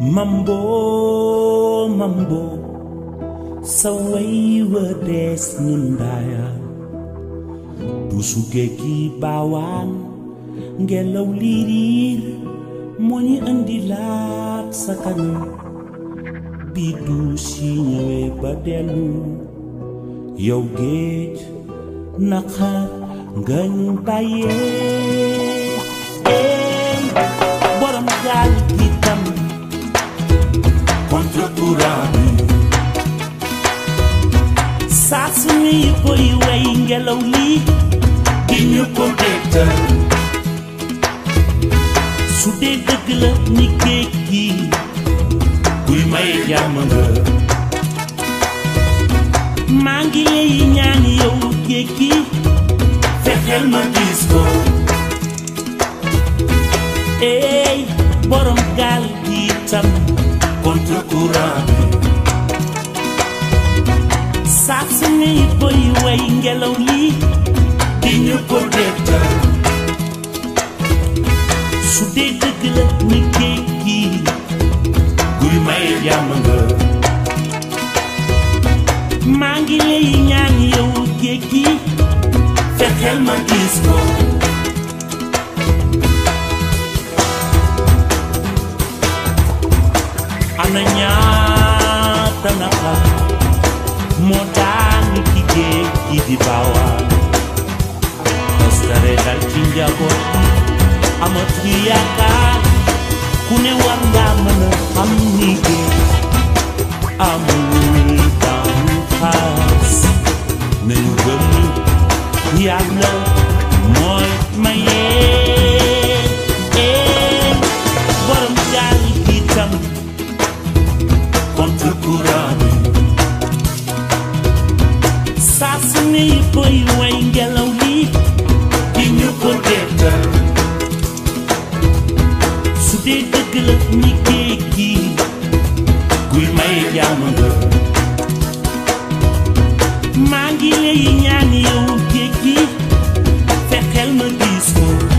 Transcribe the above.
Mambo, mambo Sa wayward nundaya Dusuge bawan, Ngelaw lirir Moni andilat sa kanyo Bidu si ñëwee badelu, dellu Yow puramī Sasumi poi wenge lowli Ginyu ko deta Sude degla ni keki Kuy may jamanga Mangi lay ñaan yow keki Fexel ma gis ko Ey borom gal gi tam contra courant sax ni boy way ngelaw li di ñu ko detta su dee dëgg la ni géej gi guy nanya tanaka montani kike kidibawa kostare dalkinjabo amotriyaka kune wandamana amnige amultamukas menugemu yablo moi maye dëgg la ni géej gi kuy may jàmm nga maa ngi lay ñaan yow géej gi fexeel ma gis ko